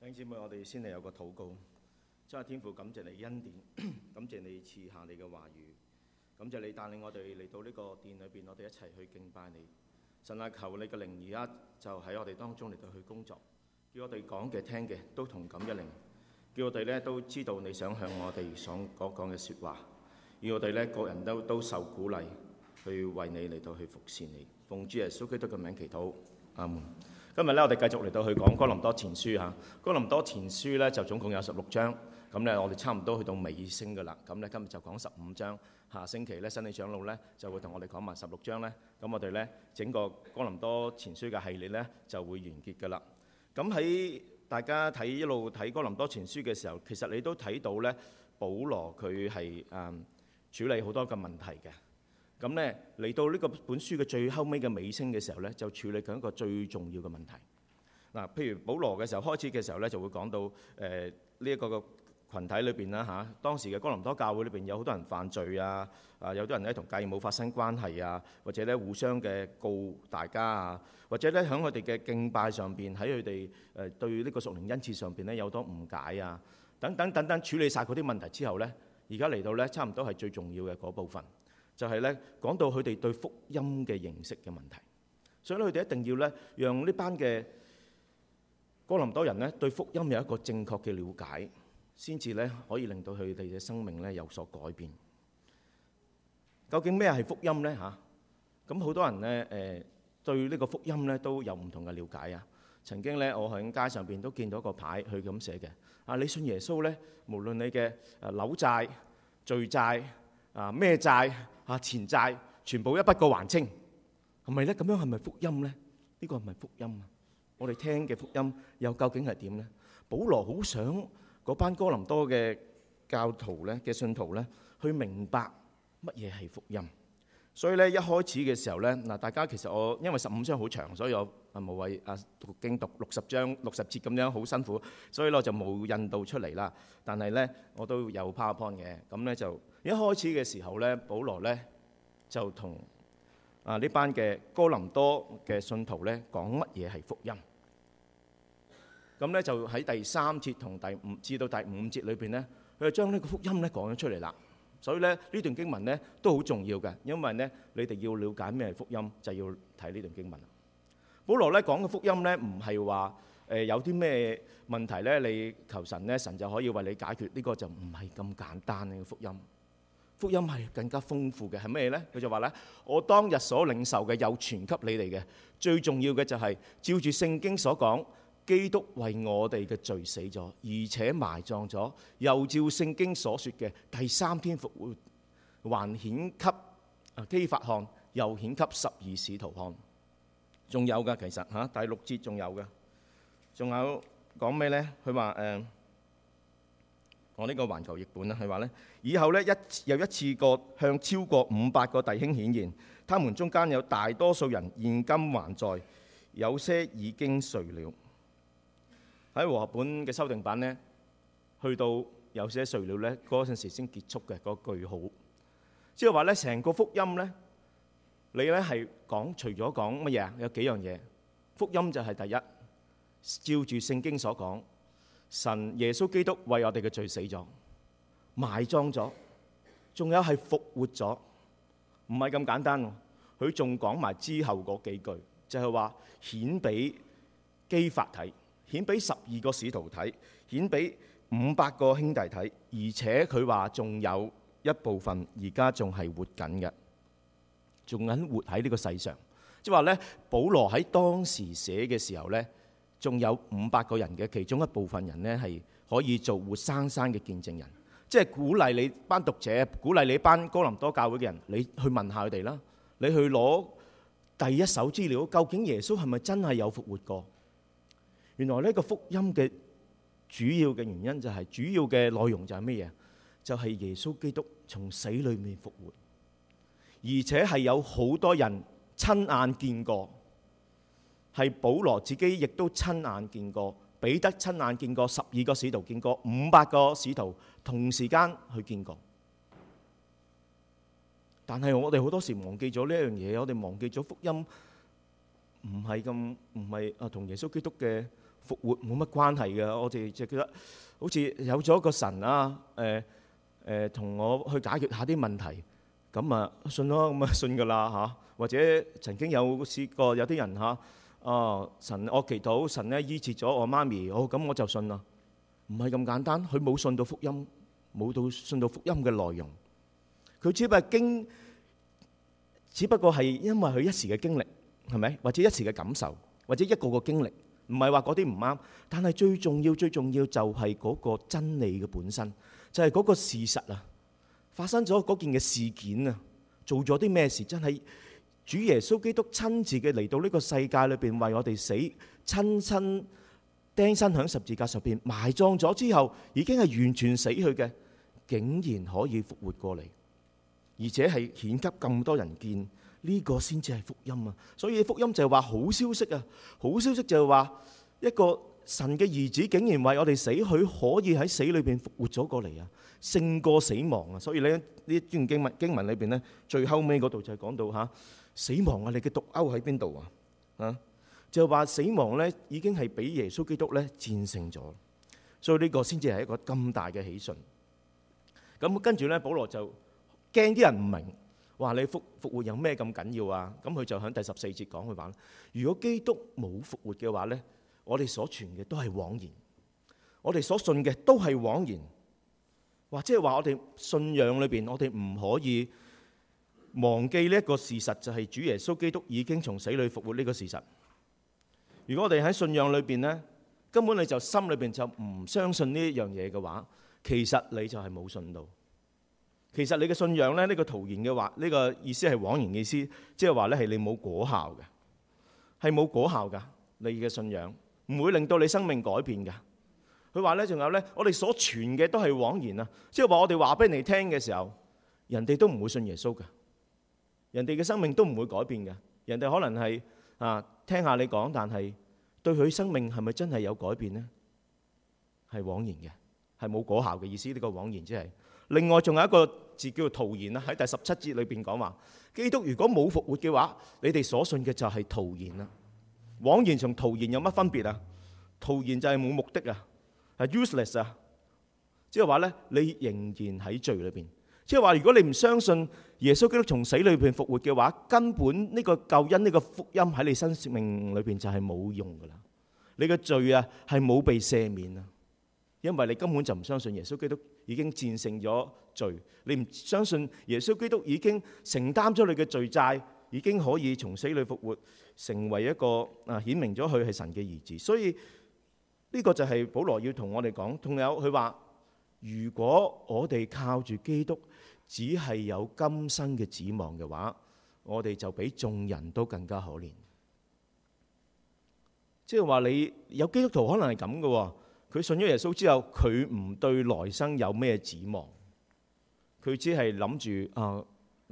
弟兄姊妹，我哋先嚟有個禱告，真係天父，感謝你恩典，感謝你賜下你嘅話語，感謝你帶領我哋嚟到呢個殿裏邊，我哋一齊去敬拜你。神啊，求你嘅靈而家就喺我哋當中嚟到去工作，叫我哋講嘅聽嘅都同感一靈，叫我哋咧都知道你想向我哋想講講嘅説話，要我哋咧各人都都受鼓勵去為你嚟到去服侍你。奉主耶穌基督嘅名祈禱，阿門。今日咧，我哋繼續嚟到去講《哥林多前書》嚇，《哥林多前書》咧就總共有十六章，咁咧我哋差唔多去到尾聲㗎喇。咁咧今日就講十五章，下星期咧，身體長老咧就會同我哋講埋十六章咧。咁我哋咧整個《哥林多前書》嘅系列咧就會完結㗎喇。咁喺大家睇一路睇《哥林多前書》嘅時候，其實你都睇到咧，保羅佢係誒處理好多嘅問題嘅。咁咧嚟到呢個本書嘅最後尾嘅尾聲嘅時候咧，就處理緊一個最重要嘅問題嗱。譬如保羅嘅時候開始嘅時候咧，就會講到誒呢一個個群體裏邊啦吓，當時嘅哥林多教會裏面有好多人犯罪啊，啊有啲人咧同繼母發生關係啊，或者咧互相嘅告大家啊，或者咧喺佢哋嘅敬拜上面，喺佢哋誒對呢個屬靈恩賜上面咧有多誤解啊，等等等等，等等。處理晒嗰啲問題之後咧，而家嚟到咧差唔多係最重要嘅嗰部分。就係咧講到佢哋對福音嘅認識嘅問題，所以咧佢哋一定要咧讓呢班嘅哥林多人咧對福音有一個正確嘅了解，先至咧可以令到佢哋嘅生命咧有所改變。究竟咩係福音咧？吓，咁好多人咧誒對呢個福音咧都有唔同嘅了解啊！曾經咧我喺街上邊都見到一個牌，佢咁寫嘅：啊，你信耶穌咧，無論你嘅誒樓債、罪債。啊，咩債啊，前債全部一筆過還清，係咪咧？咁樣係咪福音咧？呢個係咪福音啊？我哋聽嘅福音又究竟係點咧？保羅好想嗰班哥林多嘅教徒咧嘅信徒咧，去明白乜嘢係福音。所以咧，一開始嘅時候咧，嗱，大家其實我因為十五章好長，所以我啊冇謂啊讀經讀六十章六十節咁樣好辛苦，所以我就冇印到出嚟啦。但係咧，我都有 powerpoint 嘅，咁咧就一開始嘅時候咧，保羅咧就同啊呢班嘅哥林多嘅信徒咧講乜嘢係福音。咁咧就喺第三節同第五至到第五節裏邊咧，佢就將呢個福音咧講咗出嚟啦。所以咧呢段經文咧都好重要嘅，因為咧你哋要了解咩係福音，就要睇呢段經文。保羅咧講嘅福音咧，唔係話誒有啲咩問題咧，你求神咧，神就可以為你解決。呢個就唔係咁簡單嘅福音。福音係更加豐富嘅，係咩咧？佢就話咧，我當日所領受嘅有傳給你哋嘅，最重要嘅就係照住聖經所講。基督為我哋嘅罪死咗，而且埋葬咗，又照聖經所說嘅第三天復活，還顯給磯法看，又顯給十二使徒看，仲有噶其實嚇第六節仲有噶，仲有講咩呢？佢話誒，我呢個環球譯本啦，佢話呢，以後呢，一有一次過向超過五百個弟兄顯現，他們中間有大多數人現今還在，有些已經睡了。喺和合本嘅修訂版咧，去到有些材料咧嗰陣時先結束嘅嗰、那個、句號，即係話咧，成個福音咧，你咧係講除咗講乜嘢啊？有幾樣嘢福音就係第一，照住聖經所講，神耶穌基督為我哋嘅罪死咗、埋葬咗，仲有係復活咗，唔係咁簡單。佢仲講埋之後嗰幾句就係、是、話顯俾磯法睇。顯俾十二個使徒睇，顯俾五百個兄弟睇，而且佢話仲有一部分而家仲係活緊嘅，仲緊活喺呢個世上。即係話咧，保羅喺當時寫嘅時候咧，仲有五百個人嘅其中一部分人咧係可以做活生生嘅見證人，即係鼓勵你班讀者，鼓勵你班哥林多教會嘅人，你去問下佢哋啦，你去攞第一手資料，究竟耶穌係咪真係有復活過？原來呢個福音嘅主要嘅原因就係、是、主要嘅內容就係咩嘢？就係、是、耶穌基督從死裏面復活，而且係有好多人親眼見過，係保羅自己亦都親眼見過，彼得親眼見過，十二個使徒見過，五百個使徒同時間去見過。但係我哋好多時忘記咗呢樣嘢，我哋忘記咗福音唔係咁唔係啊同耶穌基督嘅。復活冇乜關係嘅，我哋就覺得好似有咗個神啊，誒誒，同我去解決下啲問題咁啊，信咯，咁啊，信噶啦吓。或者曾經有試過有啲人吓，啊神，我祈禱神咧醫治咗我媽咪，好咁我就信啦。唔係咁簡單，佢冇信到福音，冇到信到福音嘅內容。佢只不過係經，只不過係因為佢一時嘅經歷，係咪？或者一時嘅感受，或者一個個經歷。唔係話嗰啲唔啱，但係最重要、最重要就係嗰個真理嘅本身，就係、是、嗰個事實啊！發生咗嗰件嘅事件啊，做咗啲咩事？真係主耶穌基督親自嘅嚟到呢個世界裏邊為我哋死，親親釘身喺十字架上邊埋葬咗之後，已經係完全死去嘅，竟然可以復活過嚟，而且係顯給咁多人見。呢個先至係福音啊！所以福音就係話好消息啊！好消息就係話一個神嘅兒子竟然為我哋死，佢可以喺死裏邊復活咗過嚟啊！勝過死亡啊！所以咧呢一段經文經文裏邊咧，最後尾嗰度就係講到吓，死亡啊！你嘅毒鈎喺邊度啊？啊！就話死亡咧已經係俾耶穌基督咧戰勝咗，所以呢個先至係一個咁大嘅喜訊。咁跟住咧，保羅就驚啲人唔明。話你復復活有咩咁緊要啊？咁佢就喺第十四節講佢話：如果基督冇復活嘅話咧，我哋所傳嘅都係枉然，我哋所信嘅都係枉然。或者係話我哋信仰裏邊，我哋唔可以忘記呢一個事實，就係、是、主耶穌基督已經從死裏復活呢個事實。如果我哋喺信仰裏邊咧，根本你就心裏邊就唔相信呢樣嘢嘅話，其實你就係冇信道。其實你嘅信仰咧，呢個徒然嘅話，呢個意思係枉然嘅意思，即係話咧係你冇果效嘅，係冇果效噶，你嘅信仰唔會令到你生命改變噶。佢話咧，仲有咧，我哋所傳嘅都係枉然啊！即係話我哋話俾你聽嘅時候，人哋都唔會信耶穌噶，人哋嘅生命都唔會改變噶。人哋可能係啊聽下你講，但係對佢生命係咪真係有改變咧？係枉然嘅，係冇果效嘅意思。呢個枉然即係。另外仲有一個字叫做徒然啊，喺第十七節裡邊講話：基督如果冇復活嘅話，你哋所信嘅就係徒然啦。枉然同徒然有乜分別啊？徒然就係冇目的啊，係 useless 啊。即係話咧，你仍然喺罪裡邊。即係話，如果你唔相信耶穌基督從死裡邊復活嘅話，根本呢個救恩呢個福音喺你生命裡邊就係冇用噶啦。你嘅罪啊係冇被赦免啊，因為你根本就唔相信耶穌基督。已經戰勝咗罪，你唔相信耶穌基督已經承擔咗你嘅罪債，已經可以從死裏復活，成為一個啊顯明咗佢係神嘅兒子。所以呢個就係保羅要同我哋講，仲有佢話：如果我哋靠住基督，只係有今生嘅指望嘅話，我哋就比眾人都更加可憐。即係話你有基督徒可能係咁嘅。佢信咗耶穌之後，佢唔對來生有咩指望，佢只係諗住啊，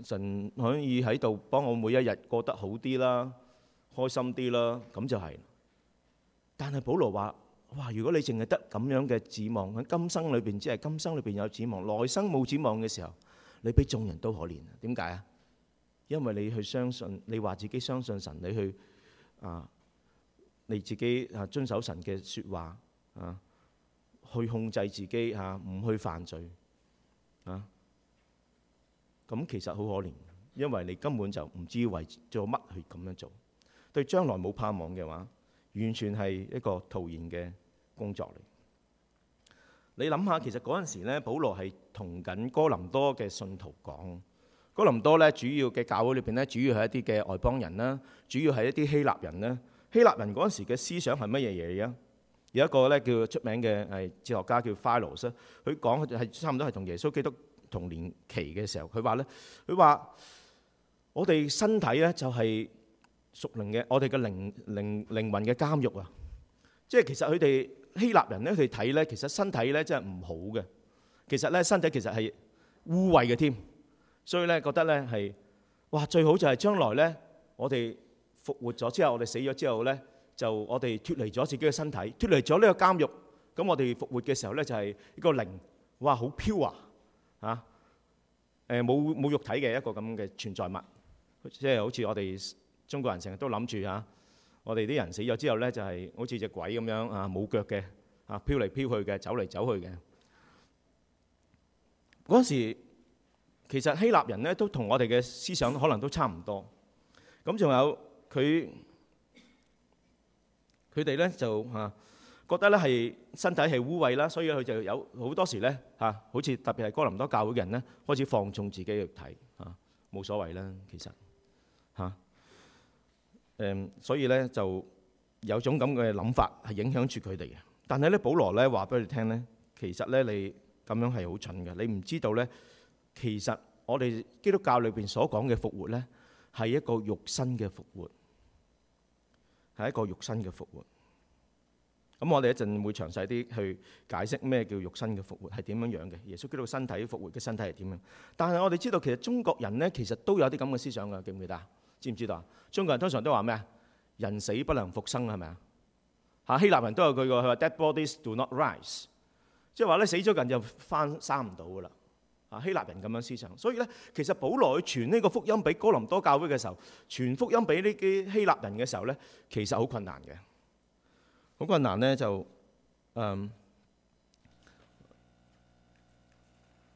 神可以喺度幫我每一日過得好啲啦，開心啲啦，咁就係。但係保羅話：哇，如果你淨係得咁樣嘅指望，喺今生裏邊，即係今生裏邊有指望，來生冇指望嘅時候，你比眾人都可憐。點解啊？因為你去相信，你話自己相信神，你去啊，你自己啊遵守神嘅說話啊。去控制自己嚇，唔去犯罪啊！咁其實好可憐，因為你根本就唔知為咗乜去咁樣做，對將來冇盼望嘅話，完全係一個徒然嘅工作嚟。你諗下，其實嗰陣時咧，保羅係同緊哥林多嘅信徒講，哥林多咧主要嘅教會裏邊咧，主要係一啲嘅外邦人啦，主要係一啲希臘人咧。希臘人嗰陣時嘅思想係乜嘢嘢啊？有一個咧叫出名嘅誒哲學家叫 Philos，佢講係差唔多係同耶穌基督同年期嘅時候，佢話咧，佢話我哋身體咧就係屬靈嘅，我哋嘅靈靈靈魂嘅監獄啊！即係其實佢哋希臘人咧，佢哋睇咧，其實身體咧真係唔好嘅，其實咧身體其實係污穢嘅添，所以咧覺得咧係哇最好就係將來咧我哋復活咗之後，我哋死咗之後咧。就我哋脫離咗自己嘅身體，脫離咗呢個監獄，咁我哋復活嘅時候咧，就係呢一個靈，哇，好飄啊，嚇，誒冇冇肉體嘅一個咁嘅存在物，即係好似我哋中國人成日都諗住嚇，我哋啲人死咗之後咧，就係好似隻鬼咁樣啊，冇腳嘅，啊，飄嚟飄去嘅，走嚟走去嘅。嗰時其實希臘人咧都同我哋嘅思想可能都差唔多，咁仲有佢。佢哋咧就嚇覺得咧係身體係污穢啦，所以佢就有好多時咧嚇，好似特別係哥林多教會嘅人咧，開始放縱自己嘅肉體嚇，冇所謂啦，其實嚇誒，所以咧就有種咁嘅諗法係影響住佢哋嘅。但係咧，保羅咧話俾你聽咧，其實咧你咁樣係好蠢嘅，你唔知道咧，其實我哋基督教裏邊所講嘅復活咧係一個肉身嘅復活。係一個肉身嘅復活，咁我哋一陣會詳細啲去解釋咩叫肉身嘅復活係點樣樣嘅。耶穌基督身體復活嘅身體係點樣？但係我哋知道其實中國人咧，其實都有啲咁嘅思想噶，記唔記得啊？知唔知道啊？中國人通常都話咩啊？人死不能復生係咪啊？吓，希臘人都有佢個，佢話 Dead bodies do not rise，即係話咧死咗人就翻生唔到噶啦。啊，希臘人咁樣思想，所以咧，其實保羅去傳呢個福音俾哥林多教會嘅時候，傳福音俾呢啲希臘人嘅時候咧，其實好困難嘅。好困難咧就，嗯，誒、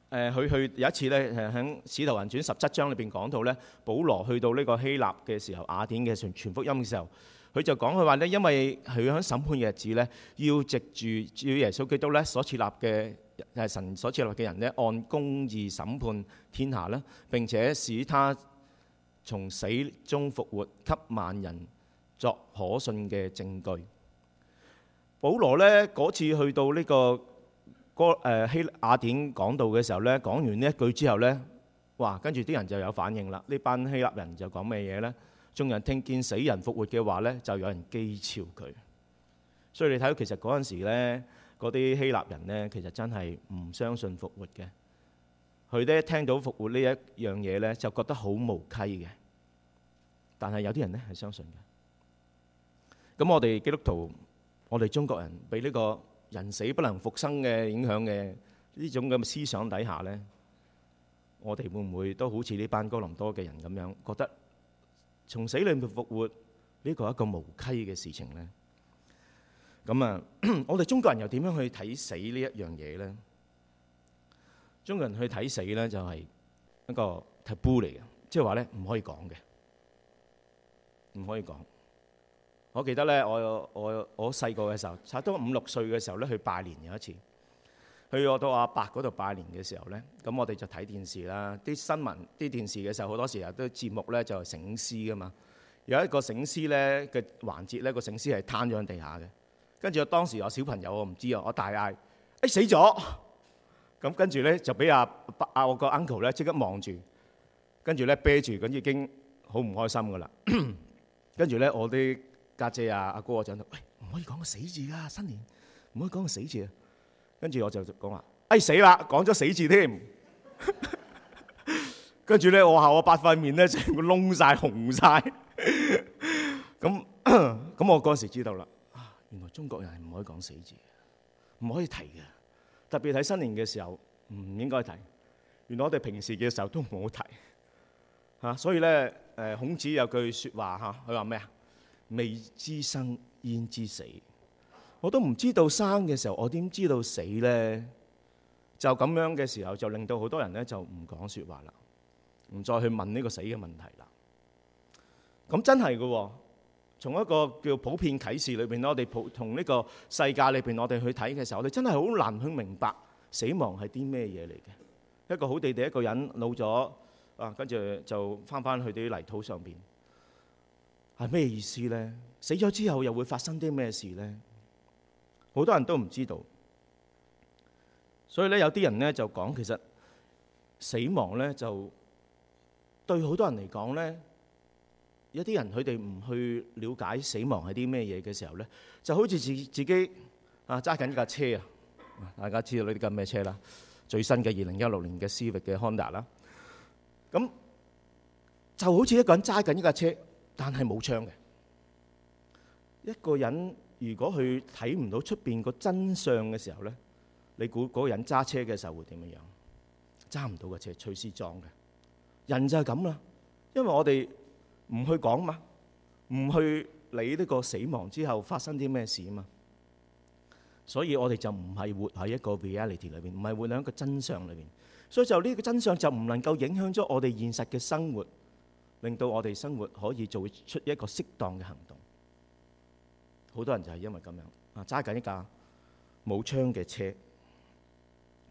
呃，佢去有一次咧，誒，喺《使徒行傳》十七章裏邊講到咧，保羅去到呢個希臘嘅時候，雅典嘅時候傳傳福音嘅時候，佢就講佢話咧，因為佢喺審判嘅日子咧，要藉住照耶穌基督咧所設立嘅。係神所設立嘅人呢，按公義審判天下啦，並且使他從死中復活，給萬人作可信嘅證據。保羅呢，嗰次去到呢、這個哥誒、呃、希臘雅典講道嘅時候呢，講完呢一句之後呢，哇！跟住啲人就有反應啦。呢班希臘人就講咩嘢呢？眾人聽見死人復活嘅話呢，就有人譏誚佢。所以你睇到其實嗰陣時呢。嗰啲希臘人咧，其實真係唔相信復活嘅。佢哋聽到復活呢一樣嘢咧，就覺得好無稽嘅。但係有啲人咧係相信嘅。咁我哋基督徒，我哋中國人，俾呢個人死不能復生嘅影響嘅呢種咁嘅思想底下咧，我哋會唔會都好似呢班哥林多嘅人咁樣，覺得從死裏面復活呢個係一個無稽嘅事情咧？咁啊！我哋中國人又點樣去睇死這一呢一樣嘢咧？中國人去睇死咧，就係、是、一個 taboo 嚟嘅，即係話咧唔可以講嘅，唔可以講。我記得咧，我我我細個嘅時候，差唔多五六歲嘅時候咧，去拜年有一次，去我到阿伯嗰度拜年嘅時候咧，咁我哋就睇電視啦，啲新聞啲電視嘅時候好多時候都節目咧就醒獅㗎嘛。有一個醒獅咧嘅環節咧，個醒獅係攤咗喺地下嘅。跟住當時我小朋友，我唔知啊，我大嗌：哎死咗！咁跟住咧就俾阿阿我個 uncle 咧即刻望住，跟住咧啤住，咁已經好唔開心噶啦。跟住咧我啲家姐啊、阿哥啊就話：喂，唔可以講個死字噶，新年唔可以講個死字啊！跟住我就講話：哎死啦，講咗死字添。跟住咧我話我八塊面咧成個窿曬紅曬，咁咁我嗰時知道啦。原來中國人係唔可以講死字嘅，唔可以提嘅，特別喺新年嘅時候唔應該提。原來我哋平時嘅時候都唔好提，嚇、啊，所以咧，誒孔子有句説話嚇，佢話咩啊？未知生，焉知死？我都唔知道生嘅時候，我點知道死咧？就咁樣嘅時候，就令到好多人咧就唔講説話啦，唔再去問呢個死嘅問題啦。咁真係㗎喎。從一個叫普遍啟示裏邊，我哋普同呢個世界裏邊，我哋去睇嘅時候，我哋真係好難去明白死亡係啲咩嘢嚟嘅。一個好地地一個人老咗啊，跟住就返返去啲泥土上邊，係咩意思咧？死咗之後又會發生啲咩事咧？好多人都唔知道，所以咧有啲人咧就講，其實死亡咧就對好多人嚟講咧。有啲人佢哋唔去了解死亡係啲咩嘢嘅時候咧，就好似自自己啊揸緊架車啊，車大家知道呢啲咁咩車啦，最新嘅二零一六年嘅 Civic 嘅 Honda 啦，咁就好似一個人揸緊呢架車，但係冇窗嘅一個人，如果佢睇唔到出邊個真相嘅時候咧，你估嗰個人揸車嘅時候會點樣樣？揸唔到架車，隨時撞嘅人就係咁啦，因為我哋。唔去講嘛，唔去理呢個死亡之後發生啲咩事嘛，所以我哋就唔係活喺一個 reality 裏邊，唔係活喺一個真相裏邊，所以就呢個真相就唔能夠影響咗我哋現實嘅生活，令到我哋生活可以做出一個適當嘅行動。好多人就係因為咁樣啊，揸緊一架冇窗嘅車。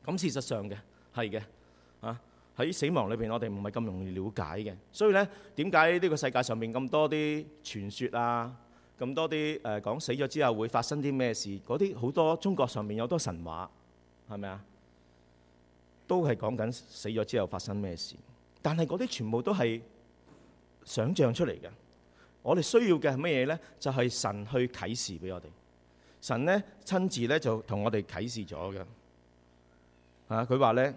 咁事實上嘅係嘅啊。喺死亡裏邊，我哋唔係咁容易了解嘅。所以呢，點解呢個世界上面咁多啲傳說啊，咁多啲誒講死咗之後會發生啲咩事？嗰啲好多中國上面有好多神話，係咪啊？都係講緊死咗之後發生咩事。但係嗰啲全部都係想像出嚟嘅。我哋需要嘅係乜嘢呢？就係、是、神去啟示俾我哋。神呢，親自呢，就同我哋啟示咗嘅。佢、啊、話呢。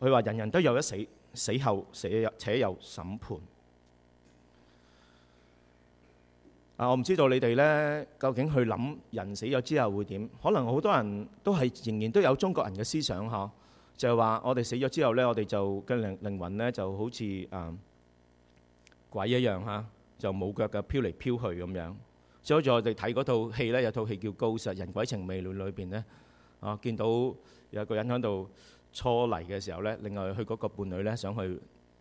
佢話：人人都有一死，死後死有且有審判。啊，我唔知道你哋呢，究竟去諗人死咗之後會點？可能好多人都係仍然都有中國人嘅思想，嗬、啊，就係、是、話我哋死咗之後呢，我哋就嘅靈，靈魂呢就好似誒、呃、鬼一樣嚇、啊，就冇腳嘅飄嚟飄去咁樣。所以好似我哋睇嗰套戲呢，有套戲叫《Ghost 人鬼情未了》裏邊呢，啊，見到有個人喺度。初嚟嘅時候呢，另外佢嗰個伴侶呢，想去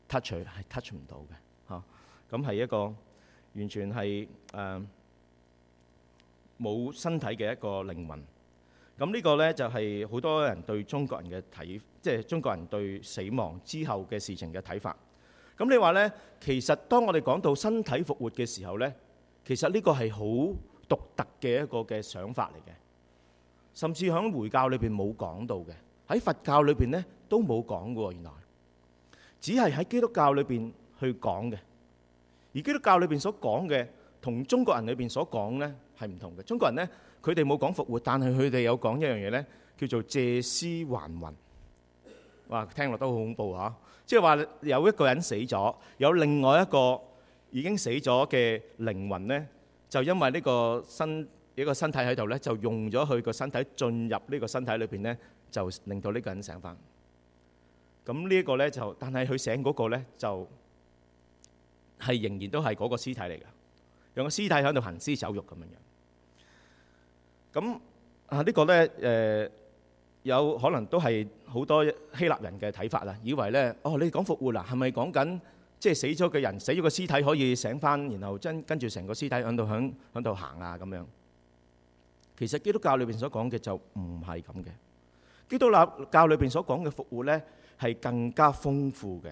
touch 係 touch 唔到嘅嚇，咁、啊、係一個完全係誒冇身體嘅一個靈魂。咁呢個呢，就係、是、好多人對中國人嘅睇，即、就、係、是、中國人對死亡之後嘅事情嘅睇法。咁你話呢，其實當我哋講到身體復活嘅時候呢，其實呢個係好獨特嘅一個嘅想法嚟嘅，甚至喺回教裏邊冇講到嘅。喺佛教裏邊咧都冇講過，原來只係喺基督教裏邊去講嘅。而基督教裏邊所講嘅同中國人裏邊所講咧係唔同嘅。中國人咧佢哋冇講復活，但係佢哋有講一樣嘢咧，叫做借屍還魂。哇，聽落都好恐怖啊！即係話有一個人死咗，有另外一個已經死咗嘅靈魂咧，就因為呢個身一個身體喺度咧，就用咗佢個身體進入呢個身體裏邊咧。就令到呢個人醒翻咁，呢一個咧，就但係佢醒嗰個咧，就係仍然都係嗰個屍體嚟嘅，用個屍體喺度行屍走肉咁樣樣。咁啊，呢個咧誒有可能都係好多希臘人嘅睇法啦，以為咧哦，你講復活啊，係咪講緊即係死咗嘅人死咗個屍體可以醒翻，然後跟跟住成個屍體喺度響響度行啊咁樣？其實基督教裏邊所講嘅就唔係咁嘅。基督教教裏邊所講嘅復活呢，係更加豐富嘅。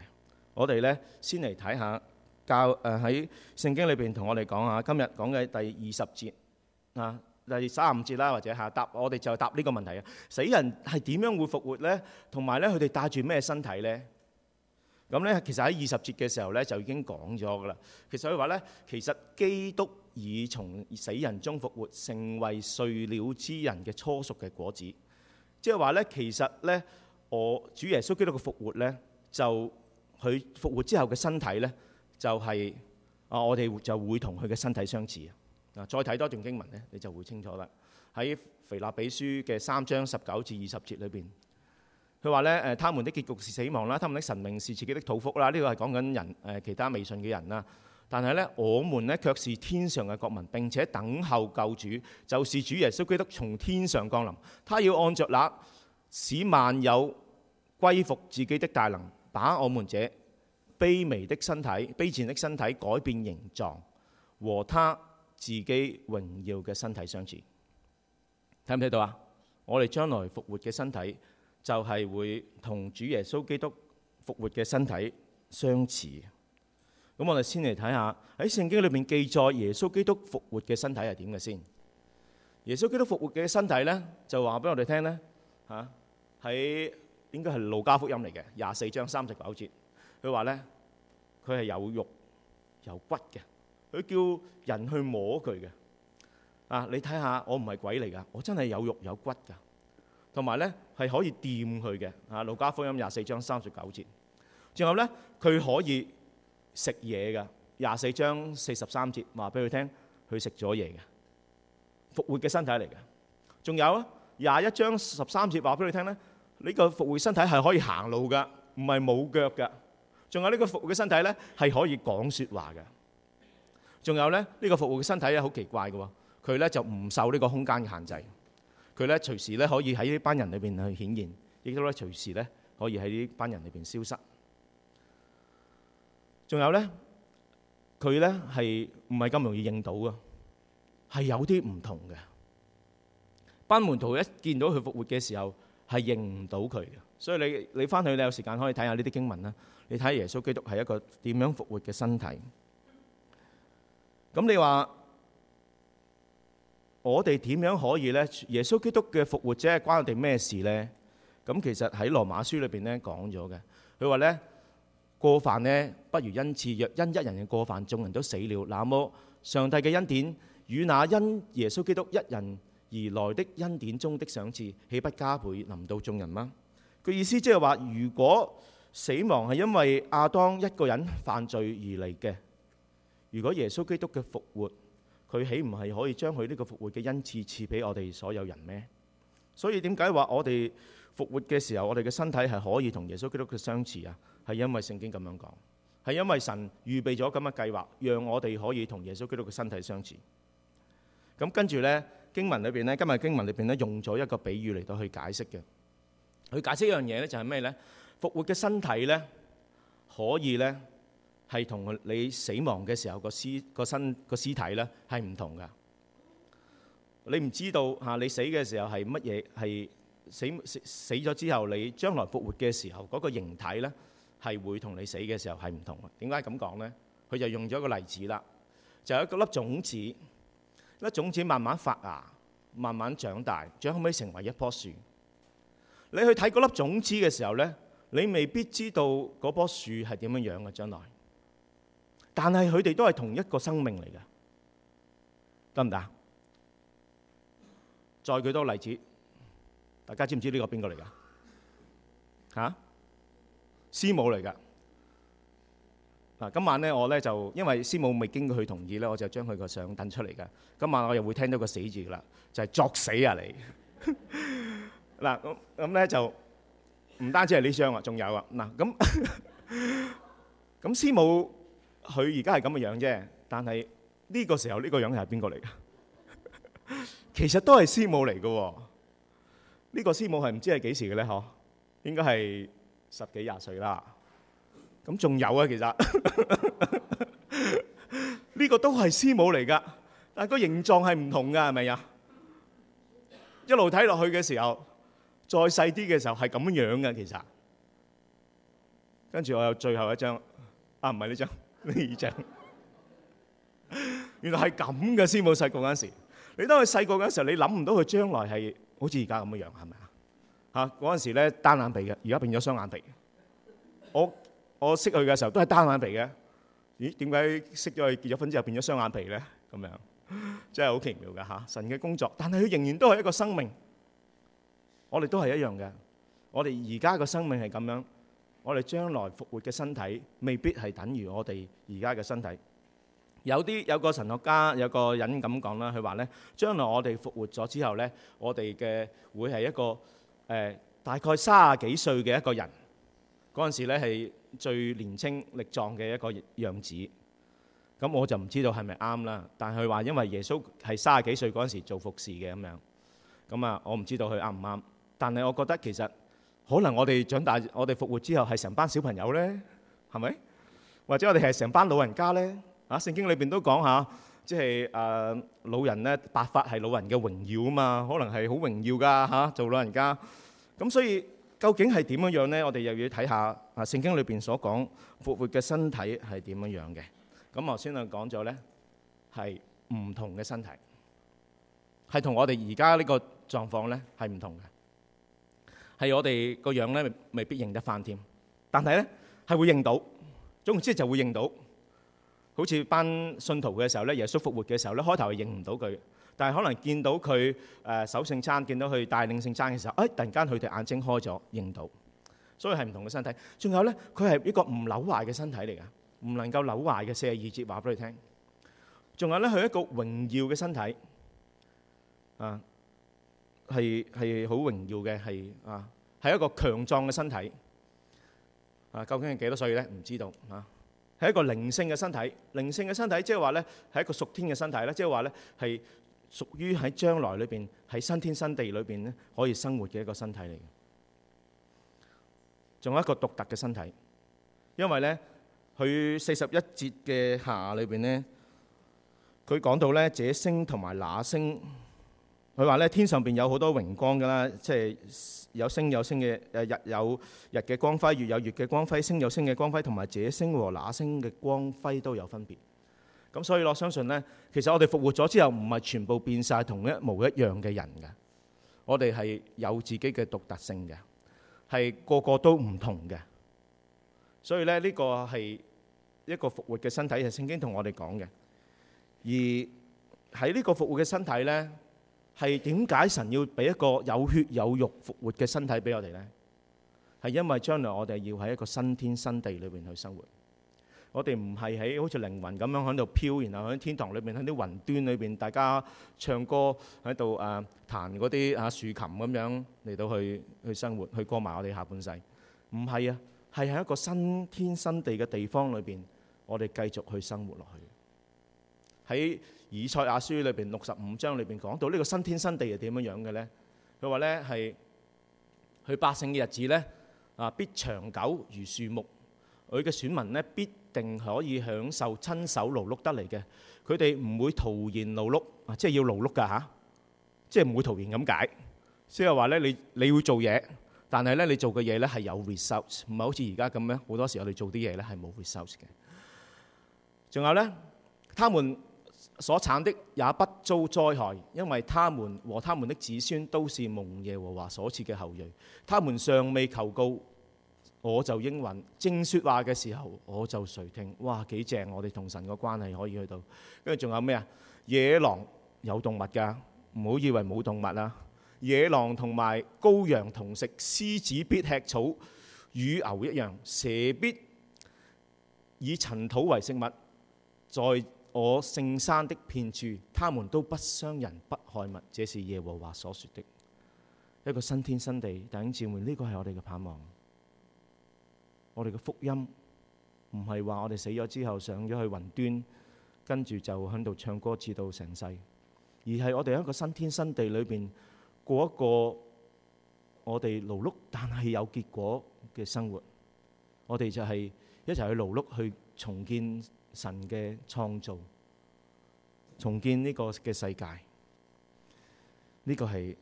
我哋呢，先嚟睇下教誒喺、呃、聖經裏邊同我哋講下今日講嘅第二十節啊，第三十五節啦，或者下答、啊、我哋就答呢個問題啊：死人係點樣會復活呢？」同埋呢，佢哋帶住咩身體呢？咁呢，其實喺二十節嘅時候呢，就已經講咗噶啦。其實佢話呢，其實基督已從死人中復活，成為睡了之人嘅初熟嘅果子。即係話咧，其實咧，我主耶穌基督嘅復活咧，就佢復活之後嘅身體咧，就係、是、啊，我哋就會同佢嘅身體相似啊！再睇多一段經文咧，你就會清楚啦。喺腓立比書嘅三章十九至二十節裏邊，佢話咧誒，他們的結局是死亡啦，他們的神明是自己的肚腹啦。呢個係講緊人誒，其他未信嘅人啦。但係咧，我們咧卻是天上嘅國民，並且等候救主，就是主耶穌基督從天上降臨。他要按着那使萬有歸服自己的大能，把我們這卑微的身體、卑賤的身體改變形狀，和他自己榮耀嘅身體相似。睇唔睇到啊？我哋將來復活嘅身體，就係、是、會同主耶穌基督復活嘅身體相似。咁我哋先嚟睇下喺聖經裏面記載耶穌基督復活嘅身體係點嘅先。耶穌基督復活嘅身體咧，就話俾我哋聽咧，嚇喺應該係路加福音嚟嘅廿四章三十九節，佢話咧佢係有肉有骨嘅，佢叫人去摸佢嘅啊！你睇下我唔係鬼嚟㗎，我真係有肉有骨㗎，同埋咧係可以掂佢嘅啊！路加福音廿四章三十九節，最後咧佢可以。食嘢噶，廿四章四十三節話俾佢聽，佢食咗嘢嘅復活嘅身體嚟嘅。仲有啊，廿一章十三節話俾佢聽咧，呢個復活身體係可以行路噶，唔係冇腳噶。仲有呢個復活嘅身體咧係可以講說話嘅。仲有咧呢個復活嘅身體咧好奇怪嘅喎，佢咧就唔受呢個空間嘅限制，佢咧隨時咧可以喺呢班人裏邊去顯現，亦都咧隨時咧可以喺呢班人裏邊消失。仲有呢，佢呢係唔係咁容易認到㗎？係有啲唔同嘅。班門徒一見到佢復活嘅時候，係認唔到佢嘅。所以你你翻去你有時間可以睇下呢啲經文啦。你睇耶穌基督係一個點樣復活嘅身體。咁你話我哋點樣可以呢？耶穌基督嘅復活啫，關於我哋咩事呢？咁其實喺羅馬書裏邊呢講咗嘅，佢話呢。過犯呢，不如恩賜。若因一人嘅過犯，眾人都死了，那麼上帝嘅恩典與那因耶穌基督一人而來的恩典中的賞賜，豈不加倍臨到眾人嗎？佢意思即係話，如果死亡係因為亞當一個人犯罪而嚟嘅，如果耶穌基督嘅復活，佢豈唔係可以將佢呢個復活嘅恩賜賜俾我哋所有人咩？所以點解話我哋復活嘅時候，我哋嘅身體係可以同耶穌基督嘅相似啊？係因為聖經咁樣講，係因為神預備咗咁嘅計劃，讓我哋可以同耶穌基督嘅身體相似。咁跟住咧，經文裏邊咧，今日經文裏邊咧，用咗一個比喻嚟到去解釋嘅。去解釋一樣嘢咧，就係咩咧？復活嘅身體咧，可以咧係同你死亡嘅時候個屍個身個屍體咧係唔同噶你唔知道吓，你死嘅時候係乜嘢？係死死死咗之後，你將來復活嘅時候嗰個形體咧？係會同你死嘅時候係唔同嘅，點解咁講呢？佢就用咗一個例子啦，就有一粒種子，粒種子慢慢發芽，慢慢長大，最後可唔可以成為一棵樹？你去睇嗰粒種子嘅時候呢，你未必知道嗰棵樹係點樣樣嘅將來，但係佢哋都係同一個生命嚟嘅，得唔得？再舉多個例子，大家知唔知呢個邊個嚟噶？嚇、啊？師母嚟噶嗱，今晚咧我咧就因為師母未經過佢同意咧，我就將佢個相掟出嚟噶。今晚我又會聽到個死字啦，就係、是、作死啊你嗱，咁咁咧就唔單止係呢張啊，仲有啊嗱，咁咁師母佢而家係咁嘅樣啫，但係呢個時候呢個樣係邊個嚟噶？ 其實都係師母嚟噶喎，呢、這個師母係唔知係幾時嘅咧嗬，應該係。十幾廿歲啦，咁仲有啊？其實呢個都係師母嚟噶，但係個形狀係唔同噶，係咪啊？一路睇落去嘅時候，再細啲嘅時候係咁樣嘅，其實。跟住我有最後一張，啊唔係呢張呢二張，張 原來係咁嘅師母，細個嗰陣時，你當佢細個嗰陣時候，你諗唔到佢將來係好似而家咁樣，係咪啊？啊！嗰陣時咧單眼皮嘅，而家變咗雙眼皮。我我識佢嘅時候都係單眼皮嘅。咦？點解識咗佢結咗婚之後變咗雙眼皮咧？咁樣真係好奇妙嘅嚇、啊。神嘅工作，但係佢仍然都係一個生命。我哋都係一樣嘅。我哋而家嘅生命係咁樣的，我哋將來復活嘅身體未必係等於我哋而家嘅身體。有啲有個神學家有個人咁講啦，佢話咧：將來我哋復活咗之後咧，我哋嘅會係一個。誒大概三十幾歲嘅一個人，嗰陣時咧係最年青力壯嘅一個樣子。咁我就唔知道係咪啱啦。但係佢話因為耶穌係三十幾歲嗰陣時候做服侍嘅咁樣。咁啊，我唔知道佢啱唔啱。但係我覺得其實可能我哋長大，我哋復活之後係成班小朋友咧，係咪？或者我哋係成班老人家咧？啊，聖經裏邊都講下。即係誒老人咧，白髮係老人嘅榮耀啊嘛，可能係好榮耀噶嚇，做老人家。咁所以究竟係點樣樣咧？我哋又要睇下啊聖經裏邊所講復活嘅身體係點樣樣嘅。咁頭先我講咗咧，係唔同嘅身體，係同我哋而家呢個狀況咧係唔同嘅，係我哋個樣咧未必認得翻添。但係咧係會認到，總之就會認到，好似班信徒嘅時候咧，耶穌復活嘅時候咧，開頭係認唔到佢，但係可能見到佢誒守聖餐，見到佢帶領聖餐嘅時候，誒突然間佢對眼睛開咗，認到。所以係唔同嘅身體。仲有咧，佢係一個唔朽壞嘅身體嚟㗎，唔能夠朽壞嘅。四十二節話俾你聽。仲有咧，佢一個榮耀嘅身體，啊，係係好榮耀嘅，係啊，係一個強壯嘅身體。啊，究竟係幾多歲咧？唔知道啊。係一個靈性嘅身體，靈性嘅身體即係話呢，係一個屬天嘅身體咧，即係話呢，係屬於喺將來裏邊喺新天新地裏邊咧，可以生活嘅一個身體嚟嘅。仲有一個獨特嘅身體，因為呢，佢四十一節嘅下裏邊呢，佢講到呢，這星同埋那星。佢話咧，天上邊有好多榮光㗎啦，即係有星有星嘅誒日有日嘅光輝，月有月嘅光輝，星有星嘅光輝，同埋這星和那星嘅光輝都有分別。咁所以我相信呢，其實我哋復活咗之後，唔係全部變晒同一模一樣嘅人㗎。我哋係有自己嘅獨特性嘅，係個個都唔同嘅。所以咧，呢個係一個復活嘅身體，係聖經同我哋講嘅。而喺呢個復活嘅身體呢。係點解神要俾一個有血有肉復活嘅身體俾我哋呢？係因為將來我哋要喺一個新天新地裏邊去生活。我哋唔係喺好似靈魂咁樣喺度飄，然後喺天堂裏邊喺啲雲端裏邊，大家唱歌喺度誒彈嗰啲啊豎琴咁樣嚟到去去生活去過埋我哋下半世。唔係啊，係喺一個新天新地嘅地方裏邊，我哋繼續去生活落去喺。以賽亞書裏邊六十五章裏邊講到呢個新天新地係點樣樣嘅咧？佢話咧，係佢百姓嘅日子咧啊，必長久如樹木。佢嘅選民咧，必定可以享受親手勞碌得嚟嘅。佢哋唔會徒然勞碌啊，即係要勞碌㗎吓，即係唔會徒然咁解。即係話咧，你你會做嘢，但係咧，你做嘅嘢咧係有 result，唔係好似而家咁樣，好多時我哋做啲嘢咧係冇 result 嘅。仲有咧，他們。所產的也不遭災害，因為他們和他們的子孫都是蒙耶和華所賜嘅後裔。他們尚未求告，我就應允；正説話嘅時候，我就垂聽。哇，幾正！我哋同神嘅關係可以去到。跟住仲有咩啊？野狼有動物㗎，唔好以為冇動物啦。野狼同埋羔羊同食，獅子必吃草，與牛一樣。蛇必以塵土為食物，在我聖山的遍處，他們都不傷人、不害物，這是耶和華所說的。一個新天新地，弟兄姊妹，呢、呢個係我哋嘅盼望。我哋嘅福音唔係話我哋死咗之後上咗去雲端，跟住就喺度唱歌至到成世，而係我哋喺一個新天新地裏邊過一個我哋勞碌但係有結果嘅生活。我哋就係一齊去勞碌去重建。神嘅創造重建呢個嘅世界，呢個係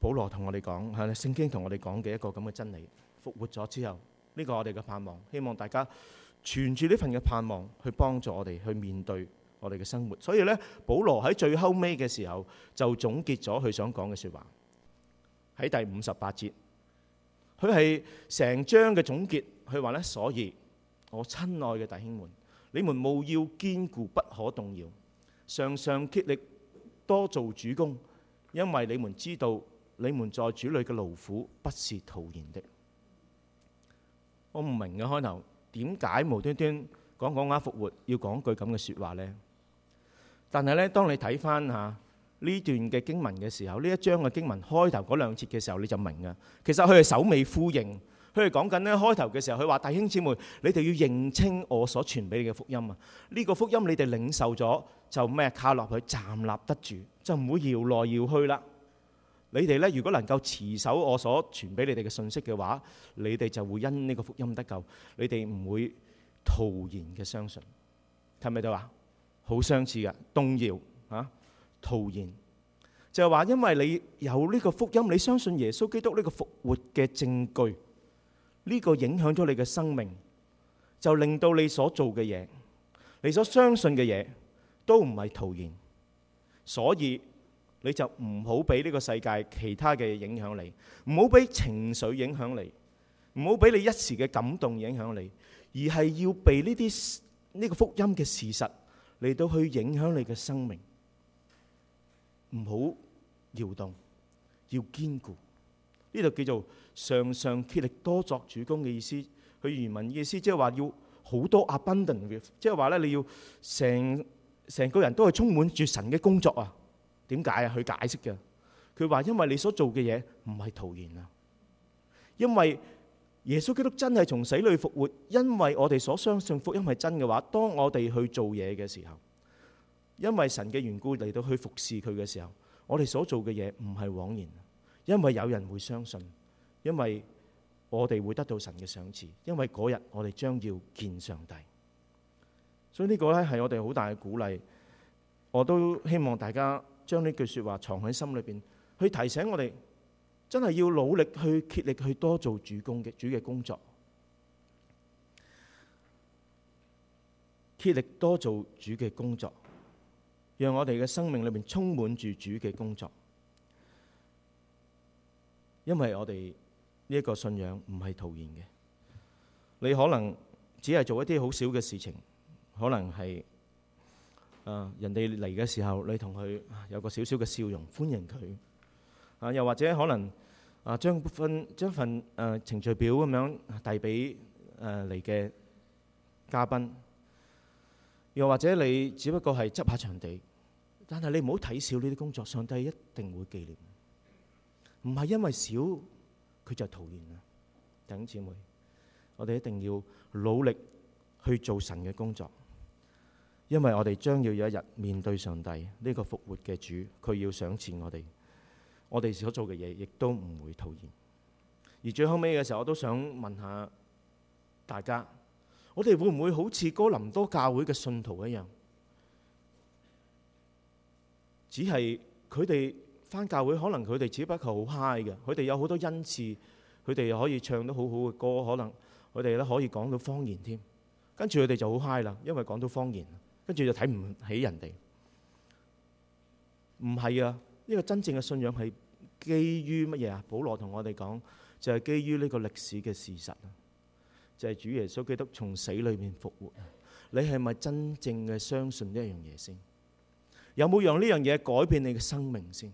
保羅同我哋講，係聖經同我哋講嘅一個咁嘅真理。復活咗之後，呢個係我哋嘅盼望，希望大家存住呢份嘅盼望，去幫助我哋去面對我哋嘅生活。所以呢，保羅喺最後尾嘅時候就總結咗佢想講嘅説話，喺第五十八節，佢係成章嘅總結，佢話呢，所以，我親愛嘅弟兄們，你們務要堅固，不可動搖，常常竭力多做主工，因為你們知道你們在主裏嘅勞苦不是徒然的。我唔明嘅開頭，點解無端端講講亞復活要講句咁嘅説話呢？但係呢，當你睇翻吓呢段嘅經文嘅時候，呢一章嘅經文開頭嗰兩節嘅時候，你就明噶。其實佢係首尾呼應。佢哋講緊咧，開頭嘅時候說，佢話弟兄姊妹，你哋要認清我所傳俾你嘅福音啊。呢個福音你哋領受咗就咩？卡落去站立得住，就唔會搖來搖去啦。你哋咧，如果能夠持守我所傳俾你哋嘅信息嘅話，你哋就會因呢個福音得救。你哋唔會徒然嘅相信，係咪就話好相似噶？動搖啊，徒然就係話，因為你有呢個福音，你相信耶穌基督呢個復活嘅證據。呢個影響咗你嘅生命，就令到你所做嘅嘢，你所相信嘅嘢都唔係徒然。所以你就唔好俾呢個世界其他嘅，影響你，唔好俾情緒影響你，唔好俾你一時嘅感動影響你，而係要被呢啲呢個福音嘅事實嚟到去影響你嘅生命，唔好搖動，要堅固。呢度叫做常常竭力多作主工嘅意思，佢原文意思即係話要好多 abundant，即係話咧你要成成個人都係充滿住神嘅工作啊？點解啊？佢解釋嘅，佢話因為你所做嘅嘢唔係徒然啊，因為耶穌基督真係從死裏復活，因為我哋所相信福音係真嘅話，當我哋去做嘢嘅時候，因為神嘅緣故嚟到去服侍佢嘅時候，我哋所做嘅嘢唔係枉然。因為有人會相信，因為我哋會得到神嘅賞賜，因為嗰日我哋將要見上帝。所以呢個咧係我哋好大嘅鼓勵。我都希望大家將呢句說話藏喺心裏邊，去提醒我哋，真係要努力去竭力去多做主工嘅主嘅工作，竭力多做主嘅工作，讓我哋嘅生命裏面充滿住主嘅工作。因為我哋呢一個信仰唔係徒然嘅，你可能只係做一啲好少嘅事情，可能係、呃、人哋嚟嘅時候，你同佢有個小小嘅笑容歡迎佢啊、呃，又或者可能啊將份將份誒程序表咁樣遞俾誒嚟嘅嘉賓，又或者你只不過係執下場地，但係你唔好睇小呢啲工作，上帝一定會記念。唔係因為少，佢就徒然啦。弟兄姊妹，我哋一定要努力去做神嘅工作，因為我哋將要有一日面對上帝呢個復活嘅主，佢要賞賜我哋。我哋所做嘅嘢亦都唔會徒然。而最後尾嘅時候，我都想問一下大家，我哋會唔會好似哥林多教會嘅信徒一樣，只係佢哋翻教會可能佢哋只不過好 high 嘅，佢哋有好多恩賜，佢哋又可以唱得好好嘅歌，可能佢哋咧可以講到方言添。跟住佢哋就好 high 啦，因為講到方言，跟住就睇唔起人哋。唔係啊，呢個真正嘅信仰係基於乜嘢啊？保羅同我哋講就係基於呢個歷史嘅事實，就係主耶穌基督從死裏面復活。你係咪真正嘅相信呢樣嘢先？有冇讓呢樣嘢改變你嘅生命先？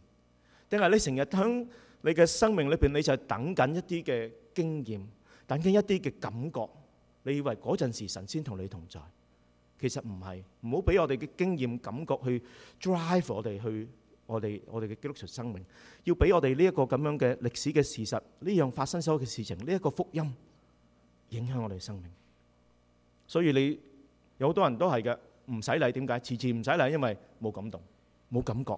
因為你成日響你嘅生命裏邊，你就等緊一啲嘅經驗，等緊一啲嘅感覺。你以為嗰陣時神先同你同在，其實唔係。唔好俾我哋嘅經驗、感覺去 drive 我哋去我哋我哋嘅基督徒生命。要俾我哋呢一個咁樣嘅歷史嘅事實，呢樣發生所有嘅事情，呢一個福音影響我哋嘅生命。所以你有好多人都係嘅，唔洗禮點解？遲遲唔洗禮，因為冇感動，冇感覺。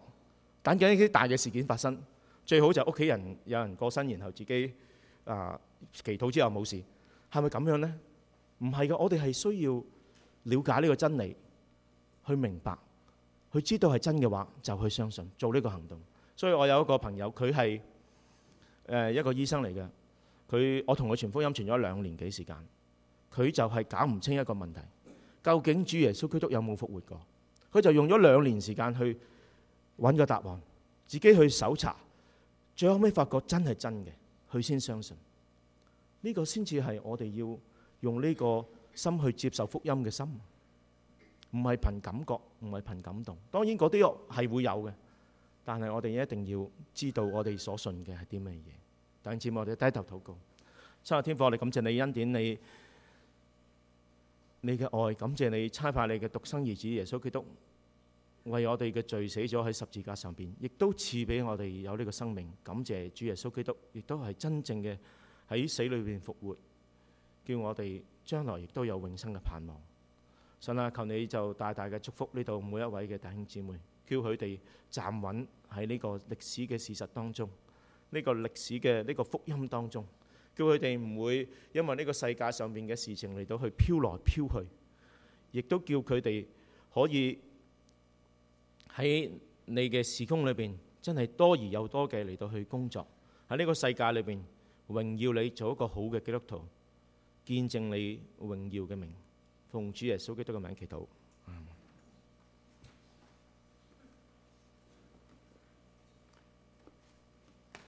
等緊呢啲大嘅事件發生，最好就屋企人有人過身，然後自己啊、呃、祈禱之後冇事，係咪咁樣呢？唔係嘅，我哋係需要了解呢個真理，去明白，去知道係真嘅話，就去相信做呢個行動。所以我有一個朋友，佢係誒一個醫生嚟嘅，佢我同佢傳福音傳咗兩年幾時間，佢就係搞唔清一個問題：究竟主耶穌基督有冇復活過？佢就用咗兩年時間去。搵個答案，自己去搜查，最後尾發覺真係真嘅，佢先相信。呢、這個先至係我哋要用呢個心去接受福音嘅心，唔係憑感覺，唔係憑感動。當然嗰啲嘢係會有嘅，但係我哋一定要知道我哋所信嘅係啲咩嘢。等陣間我哋低頭禱告，生日天父，我哋感謝你恩典你，你你嘅愛，感謝你差派你嘅獨生兒子耶穌基督。為我哋嘅罪死咗喺十字架上邊，亦都賜俾我哋有呢個生命。感謝主耶穌基督，亦都係真正嘅喺死裏邊復活，叫我哋將來亦都有永生嘅盼望。神啊，求你就大大嘅祝福呢度每一位嘅弟兄姊妹，叫佢哋站穩喺呢個歷史嘅事實當中，呢個歷史嘅呢個福音當中，叫佢哋唔會因為呢個世界上面嘅事情嚟到去飄來飄去，亦都叫佢哋可以。喺你嘅時空裏面，真係多而又多嘅嚟到去工作，喺呢個世界裏面，榮耀你做一個好嘅基督徒，見證你榮耀嘅名，奉主耶穌基督嘅名祈禱。